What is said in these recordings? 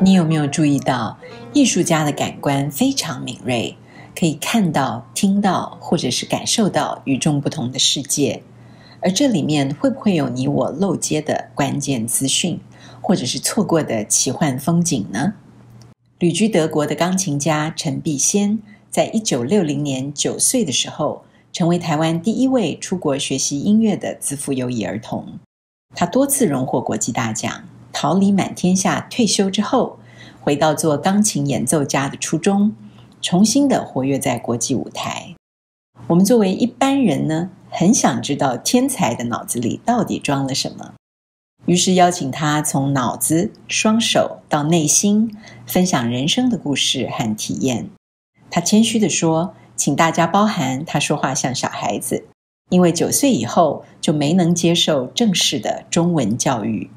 你有沒有注意到，藝術家的感官非常敏銳，可以看到、聽到或者是感受到與眾不同的世界？而這裡面會不會有你我漏接的關鍵資訊，或者是錯過的奇幻風景呢？旅居德國的鋼琴家陳必先，在一九六零年九歲的時候，成為台灣第一位出國學習音樂的資賦優異兒童，她多次榮獲國際大獎，桃李滿天下。退休之後，回到做鋼琴演奏家的初衷，重新的活躍在國際舞台。我們作為一般人呢，很想知道天才的腦子裡到底裝了什麼，於是邀請她從腦子、雙手到內心，分享人生的故事和體驗。她謙虛地說。請大家包涵，他說話像小孩子，因為九歲以後就沒能接受正式的中文教育。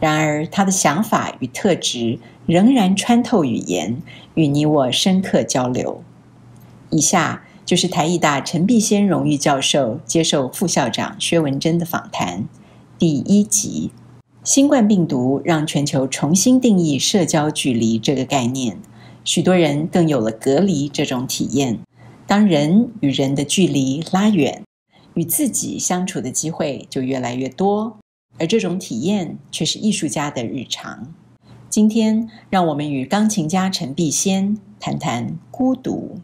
然而，他的想法與特質仍然穿透語言，與你我深刻交流。以下就是臺藝大陳必先榮譽教授接受副校長薛文珍的訪談，第一集。新冠病毒讓全球重新定義社交距離這個概念，許多人更有了隔離這種體驗。當人與人的距離拉遠，與自己相處的機會就越來越多，而這種體驗卻是藝術家的日常。今天，讓我們與鋼琴家陳必先談談孤獨。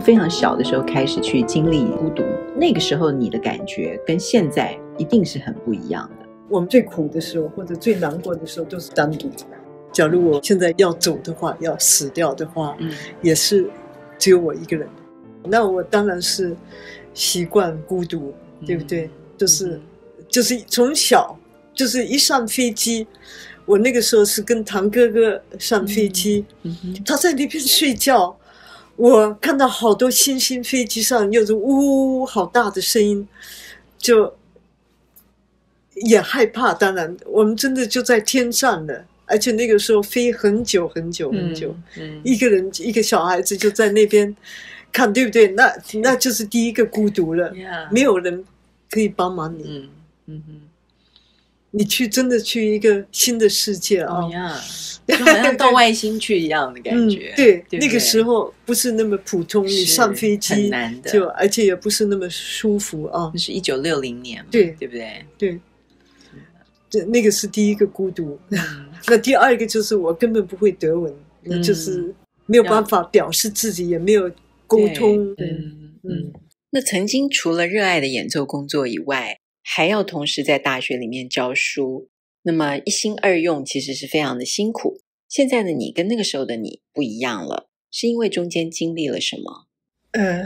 非常小的時候開始去經歷孤獨，那個時候你的感覺跟現在一定是很不一樣的。我們最苦的時候或者最難過的時候都是單獨。假如我現在要走的話，要死掉的話，嗯，也是只有我一個人。那我當然是習慣孤獨，對不對？嗯，就是就是從小就是一上飛機，我那個時候是跟堂哥哥上飛機，嗯，他在那邊睡覺。我看到好多星星，飛機上又是嗚嗚嗚，好大的聲音，就也害怕。當然，我們真的就在天上了，而且那個時候飛很久很久很久，嗯、一個人、嗯、一個小孩子就在那邊看，對不對？那那就是第一個孤獨了， 沒有人可以幫忙你。嗯，嗯哼你去真的去一個新的世界啊、哦，好像到外星去一樣的感覺。 嗯，對，對，對，那個時候不是那麼普通，你上飛機就很難的，而且也不是那麼舒服啊、哦。那是一九六零年，對對不對，對？對，那個是第一個孤獨，嗯、 那第二個就是我根本不會德文，嗯、就是沒有辦法表示自己，也沒有溝通。嗯，對對嗯，嗯。那曾經除了熱愛的演奏工作以外。還要同時在大學裡面教書，那麼一心二用其實是非常的辛苦。現在的你跟那個時候的你不一樣了，是因為中間經歷了什麼？呃，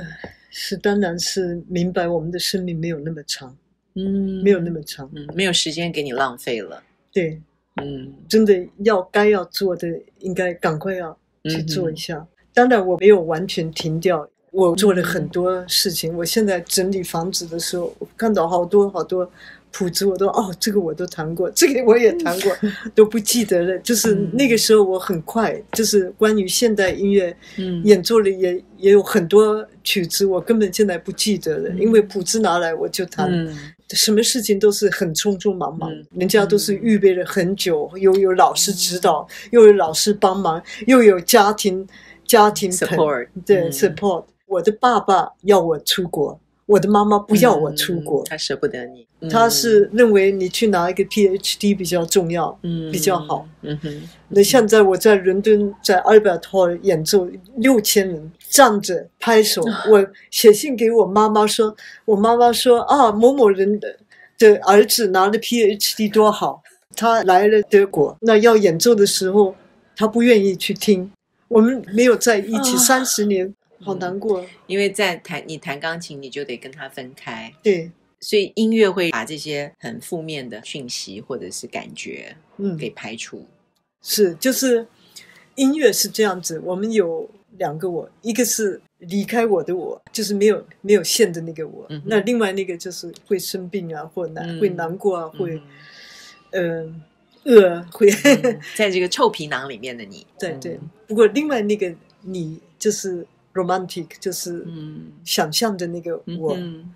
是，當然是明白我們的生命沒有那麼長，嗯，沒有那麼長，嗯，沒有時間給你浪費了。對，嗯，真的要該要做的，應該趕快要去做一下。嗯，當然，我沒有完全停掉。我做了很多事情。我現在整理房子的時候，我看到好多好多譜子，我都哦，這個我都彈過，這個我也彈過， 都不記得了。就是那個時候我很快，就是關於現代音樂、嗯、演奏了也也有很多曲子，我根本現在不記得了，嗯、因為譜子拿來我就彈、嗯，什麼事情都是很匆匆忙忙、嗯。人家都是預備了很久，又有老師指導，嗯、又有老師幫忙，又有家庭家庭 support 對、嗯、support。我的爸爸要我出國，我的媽媽不要我出國，嗯嗯、他捨不得你、嗯，他是認為你去拿一個 PhD 比較重要，嗯，比較好。嗯哼、嗯，那現在我在倫敦，在 Albert Hall 演奏，六千人站着拍手。我寫信給我媽媽說， 我媽媽說啊，某某人的的兒子拿了 PhD 多好，他來了德國，那要演奏的時候，他不願意去聽。我們沒有在一起三十 年。好難過，因為在彈你彈鋼琴，你就得跟他分開。對，所以音樂會把這些很負面的訊息或者是感覺，嗯，給排除。是，就是音樂是這樣子。我們有兩個我，一個是離開我的我，就是沒有沒有線的那個我、嗯。那另外那個就是會生病啊，或難、嗯、會難過啊，會、嗯、呃餓、啊，會、嗯、 在這個臭皮囊裡面的你。對、嗯、對。不過另外那個你就是。Romantic 就是想象的那個我、嗯，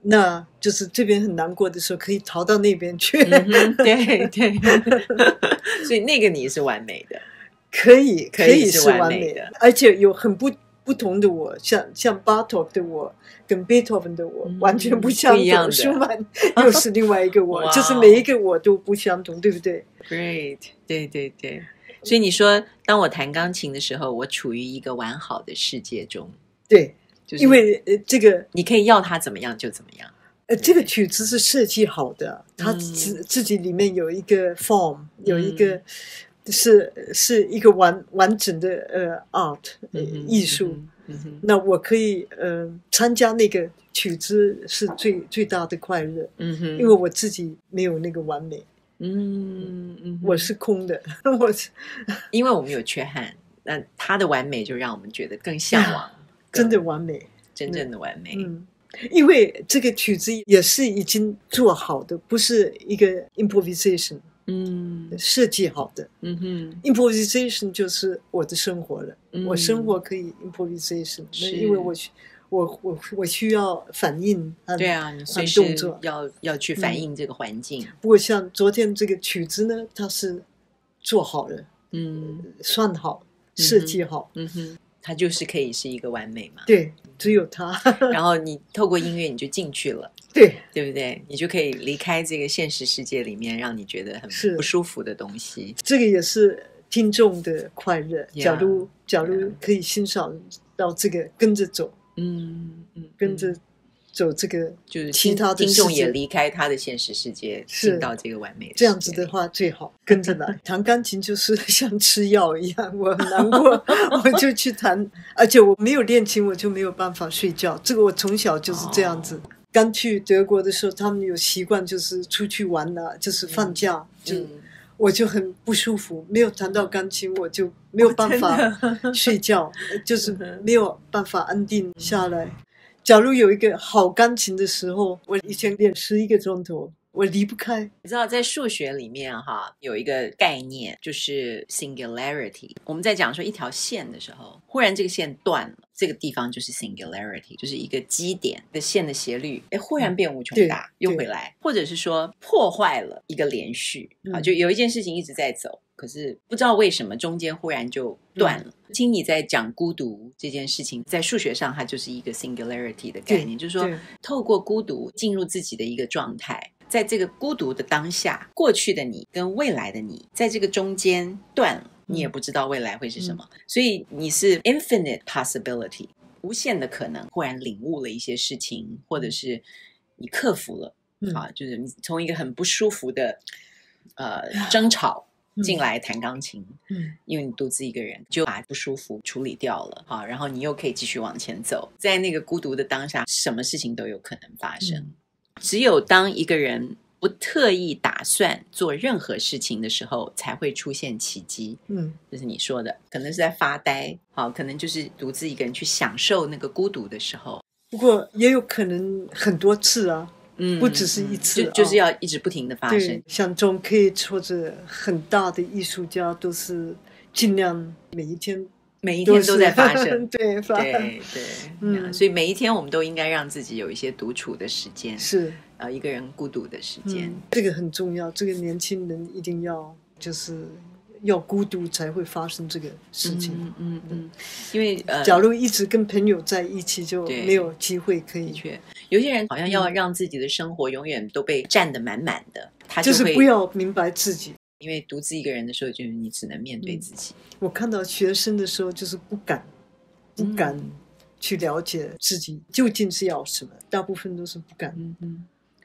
那就是這邊很難過的時候可以逃到那邊去。對、嗯、對，對 所以那個你是完美的，可以可以，可以是完美的，而且有很不不同的我，像像 Bartok 的我跟 Beethoven 的我、嗯、完全不相同。舒曼又是另外一個我， wow, 就是每一個我都不相同，對不對？Great，對對對。所以你說，當我彈鋼琴的時候，我處於一個完好的世界中。對，就是因為呃，這個你可以要它怎麼樣就怎麼樣。呃，這個曲子是設計好的，它自自己裡面有一個 form，Mm-hmm。有一個是是一個完完整的呃 art，Mm-hmm。藝術。Mm-hmm。那我可以呃參加那個曲子是最最大的快樂。嗯哼，因為我自己沒有那個完美。嗯、mm -hmm.，我是空的，我是，因為我們有缺憾，那他的完美就讓我們覺得更向往，嗯、真的完美，真正的完美。嗯，因為這個曲子也是已經做好的，不是一個 improvisation，嗯、mm -hmm.，設計好的，嗯、mm、哼 -hmm.，improvisation 就是我的生活了，mm -hmm. 我生活可以 improvisation，是、mm -hmm. 因為我去。我我我需要反應，對啊，隨動作要要去反應這個環境，嗯。不過像昨天這個曲子呢，它是做好了，嗯，算好、嗯、設計好，嗯哼，它就是可以是一個完美嘛。對，只有它。 然後你透過音樂，你就進去了，對，對不對？你就可以離開這個現實世界裡面，讓你覺得很不舒服的東西。這個也是聽眾的快樂。Yeah, 假如假如可以欣賞到這個跟着走。嗯，嗯，嗯，跟着走，這個就是其他的、就是、聽眾也離開他的現實世界，聽到這個完美，這樣子的話最好跟着呢。 彈鋼琴，就是像吃藥一樣。我很難過， 我就去彈，而且我沒有練琴，我就沒有辦法睡覺。這個我從小就是這樣子。哦、剛去德國的時候，他們有習慣，就是出去玩了、啊，就是放假、嗯、就。嗯我就很不舒服，沒有彈到鋼琴，我就沒有辦法睡覺， 就是沒有辦法安定下來。假如，有一個好鋼琴的時候，我以前練十一個鐘頭。我離不開，你知道，在數學裡面哈，有一個概念就是 singularity。我們在講說一條線的時候，忽然這個線斷了，這個地方就是 singularity，就是一個基點的、這個、線的斜率，哎，忽然變無窮大，嗯、又回來，或者是說破壞了一個連續啊、嗯，就有一件事情一直在走，可是不知道為什麼中間忽然就斷了。聽、嗯、你在講孤獨這件事情，在數學上它就是一個 singularity 的概念，就是說透過孤獨進入自己的一個狀態。在這個孤獨的當下，過去的你跟未來的你，在這個中間斷了，你也不知道未來會是什麼。嗯、所以你是 infinite possibility，無限的可能。忽然領悟了一些事情，或者是你克服了，啊、嗯，就是你從一個很不舒服的，呃，爭吵進來彈鋼琴，嗯，因為你獨自一個人，就把不舒服處理掉了，啊，然後你又可以繼續往前走。在那個孤獨的當下，什麼事情都有可能發生。嗯只有當一個人不特意打算做任何事情的時候，才會出現奇蹟。嗯，就是你說的，可能是在發呆，好，可能就是獨自一個人去享受那個孤獨的時候。不過也有可能很多次啊，嗯，不只是一次，就，嗯，就就是要一直不停的發生。哦，像中可以或者很大的藝術家，都是盡量每一天。每一天都在發生、就是，對發生，對，對，嗯，所以每一天我們都應該讓自己有一些獨處的時間，是，一個人孤獨的時間，嗯、這個很重要，這個年輕人一定要就是要孤獨才會發生這個事情，嗯嗯，嗯，因為呃，假如一直跟朋友在一起就、嗯、就沒有機會可以去，有些人好像要讓自己的生活永遠都被佔得滿滿的，他就，就是不要明白自己。因為獨自一個人的時候，就是你只能面對自己。嗯、我看到學生的時候，就是不敢，不敢去了解自己究竟是要什麼。大部分都是不敢，嗯嗯，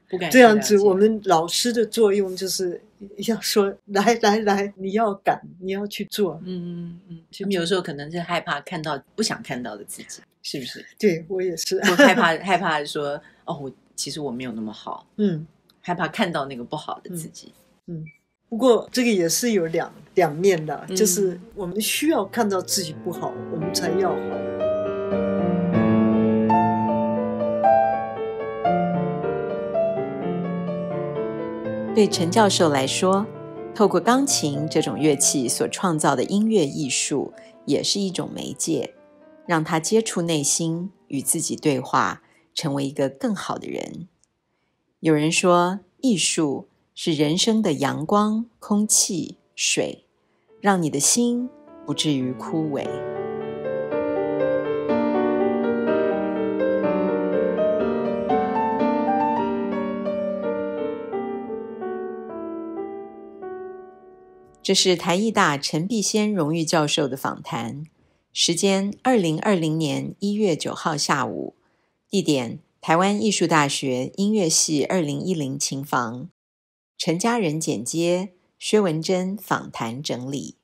不敢這樣子。我們老師的作用就是要說：“來來來，你要敢，你要去做。”嗯嗯嗯嗯，其實有時候可能是害怕看到不想看到的自己，是不是？對，我也是， 我害怕害怕說：“哦，我其實我沒有那麼好。”嗯，害怕看到那個不好的自己。嗯。嗯不過，這個也是有兩兩面的，嗯，就是我們需要看到自己不好，我們才要好。對陳教授來說，透過鋼琴這種樂器所創造的音樂藝術，也是一種媒介，讓他接觸內心，與自己對話，成為一個更好的人。有人說，藝術是人生的陽光、空氣、水，讓你的心不至於枯萎。這是台藝大陳必先榮譽教授的訪談，時間：二零二零年一月九號下午，地點：台灣藝術大學音樂系二零一零琴房。陳嘉壬剪接，薛文珍訪談整理。